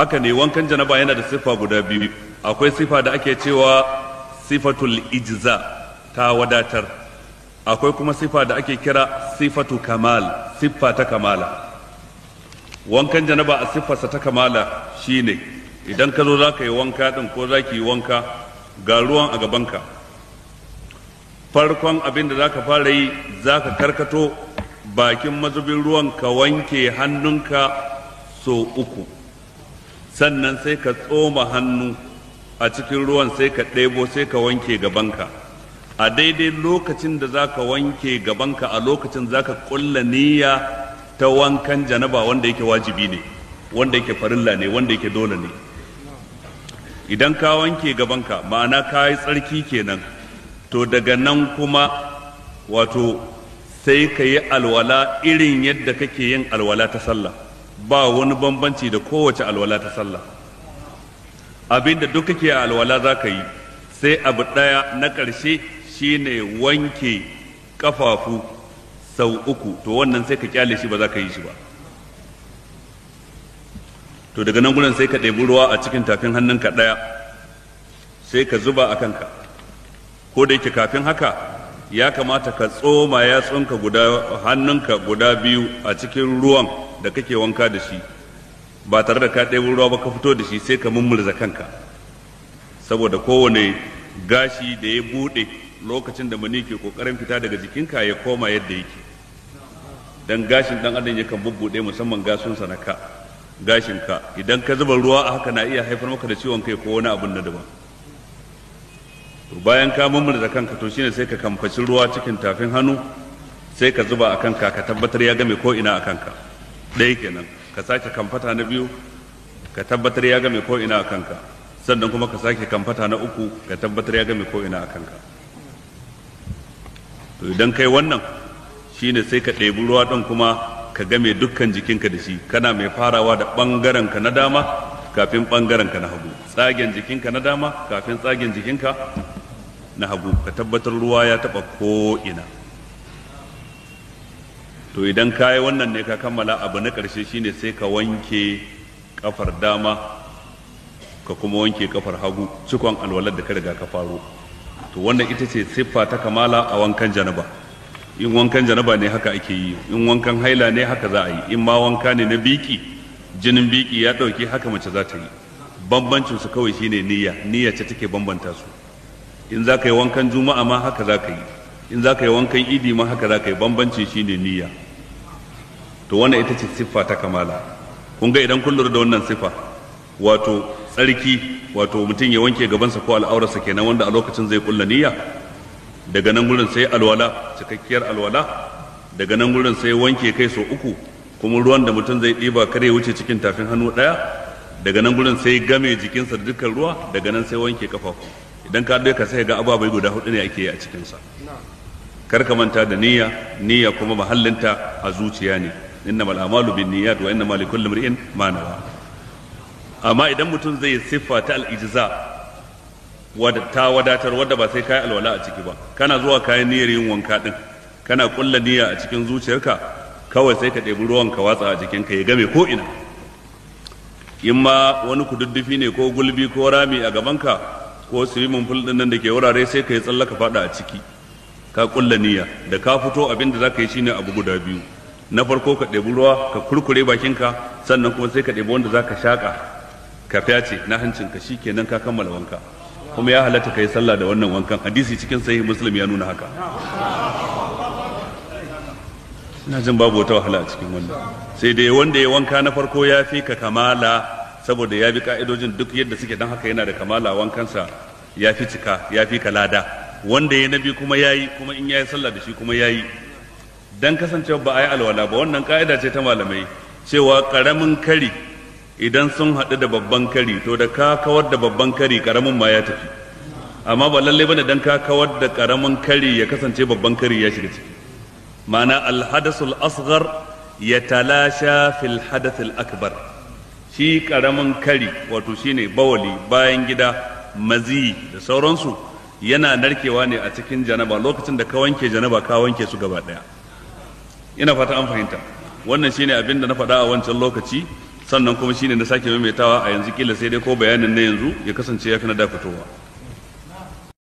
haka ne wankan janaba yana da sifa guda biyu akwai sifa da ake cewa sifatul ijza ta wadatar akwai kuma sifa da ake kira sifatu kamal siffa ta kamala wankan janaba a siffarsa ta kamala shine idan ka zo za ka yi wanka ɗin ko za ki yi wanka ga ruwan a gabanka farkon abin da za ka fara yi za ka karkato bakin mazubin ruwan ka wanke hannunka so uku sannan sai ka tsoma hannu a cikin ruwan sai ka ɗebo sai ka wanke gabanka a daidai lokacin da za ka wanke gabanka a lokacin za ka ƙulla niyya ta wankan janaba wanda yake wajibi ne wanda yake farilla ne wanda yake dole ne idan ka wanke gabanka ma'ana ka yi tsarki kenan to daga nan kuma wato sai ka yi alwala irin yadda kake yin alwala ta sallah ba wani bambanci da kowace alwala ta sallah abinda duk kake a alwala za ka yi sai abu ɗaya na ƙarshe shine wanke ƙafafu sau uku to wannan sai ka kyale shi ba za ka yi shi ba to daga nan gudan sai ka ɗebi ruwa a cikin tafin hannunka ɗaya sai ka zuba a kanka ko da yake kafin haka ya kamata ka tsoma yatsunka guda hannunka guda biyu a cikin ruwan da kake wanka da shi ba tare da ka ɗebo ruwa ba ka fito da shi sai ka mummurza kanka saboda kowane gashi da ya buɗe lokacin da mani ke ƙoƙarin fita daga jikinka ya koma yadda yake dan gashin dan adam yakan bubbuɗe musamman gasunsa na ka gashin idan ka zuba ruwa a haka na iya haifar maka da ciwon kai ko wani abun na daban bayan ka mummurza kanka to shine sai ka kamfaci ruwa cikin tafin hannu sai ka zuba a kanka ka tabbatar ya game ko ina a kanka ɗaya kenan ka sake kamfata na biyu ka tabbatar ya game ko ina a kanka sannan kuma ka sake kamfata na uku ka tabbatar ya game ko ina a kanka to idan kai wannan shine sai ka ɗebi ruwa ɗin kuma ka game dukkan jikinka da shi kana mai farawa da ɓangarenka na dama kafin ɓangarenka na hagu tsagen jikinka na dama kafin tsagen jikinka na hagu ka tabbatar ruwa ya taɓa ko ina to idan ka yi wannan ne ka kammala abu na ƙarshe shine sai ka wanke kafar dama ka kuma wanke kafar hagu cikon alwalar da ka riga ka faru to wannan ita ce siffa ta kamala a wankan janaba in wankan janaba ne haka ake yi in wankan haila ne haka za a yi in ma wanka ne na biki jinin biki ya ɗauki haka mace za ta yi bambancin su kawai shine niyya niyya ce take bambanta su in za ka yi wankan juma'a ma haka za ka yi in za ka yi wankan idi ma haka za ka yi bambanci shine niyya to wannan ita ce siffa ta kamala kun ga idan kun lura da wannan siffa wato tsarki wato mutum ya wanke gabansa ko al'aurarsa kenan wanda a lokacin zai kulla niyya daga nan gurin sai alwala cikakkiyar alwala daga nan gurin sai wanke kai so uku kuma ruwan da mutum zai ɗiba ya wuce cikin tafin hannu ɗaya daga nan gurin sai game jikinsa da dukkan ruwa daga nan sai wanke kafafu idan ka ka sai ga ababai guda hudu ne ake yi a cikinsa kar ka manta da niyya niyya kuma mahallinta a zuciya ne innamal a'malu niyyat wa li kulli imrin ma nawa amma idan mutum zai siffa ta al-ijza wadda ta wadatar wadda ba sai kai alwala a ciki ba kana zuwa kayan niyyar yin wanka din kana kulla niyya a cikin zuciyarka kawai sai ka ɗebi ruwan ka watsa a jikinka ya game ko ina in ma wani kududdufi ne ko gulbi ko rami a gabanka ko sirimin pool din nan da ke wurare sai ka yi tsallaka fada a ciki ka kulla niyya da ka fito abinda da za ka yi shine abu guda biyu na farko ka ɗebi ruwa ka kurkure bakinka sannan kuma sai ka ɗebi wanda za ka shaƙa ka fyace na hancinka shi kenan ka kammala wanka kuma ya halatta ka yi sallah da wannan wankan hadisi cikin sahih muslim ya nuna haka ina jin babu wata wahala a cikin wannan sai dai wanda ya wanka na farko ya fi ka kamala saboda ya bi ka'idojin duk yadda suke dan haka yana da kamala wankansa ya fi cika ya fi ka lada wanda ya nabi kuma ya yi kuma in ya yi sallah da shi kuma yayi. dan kasancewa ba a yi alwala ba wannan ka'ida ce ta malamai cewa karamin kari idan sun haɗu da babban kari to da ka kawar da babban kari karamin ma ya tafi amma ba lalle bane dan ka kawar da karamin kari ya kasance babban kari ya shiga ciki ma'ana alhadasul asghar ya talasha fil hadathil akbar shi karamin kari wato shine bawali bayan gida mazi da sauransu yana narkewa ne a cikin janaba lokacin da ka wanke janaba ka wanke su gaba daya ina fata an fahimta wannan shine abin da na faɗa a wancan lokaci sannan kuma shine na sake maimaitawa a yanzu kila sai dai ko bayanin na yanzu ya kasance ya fi na da fitowa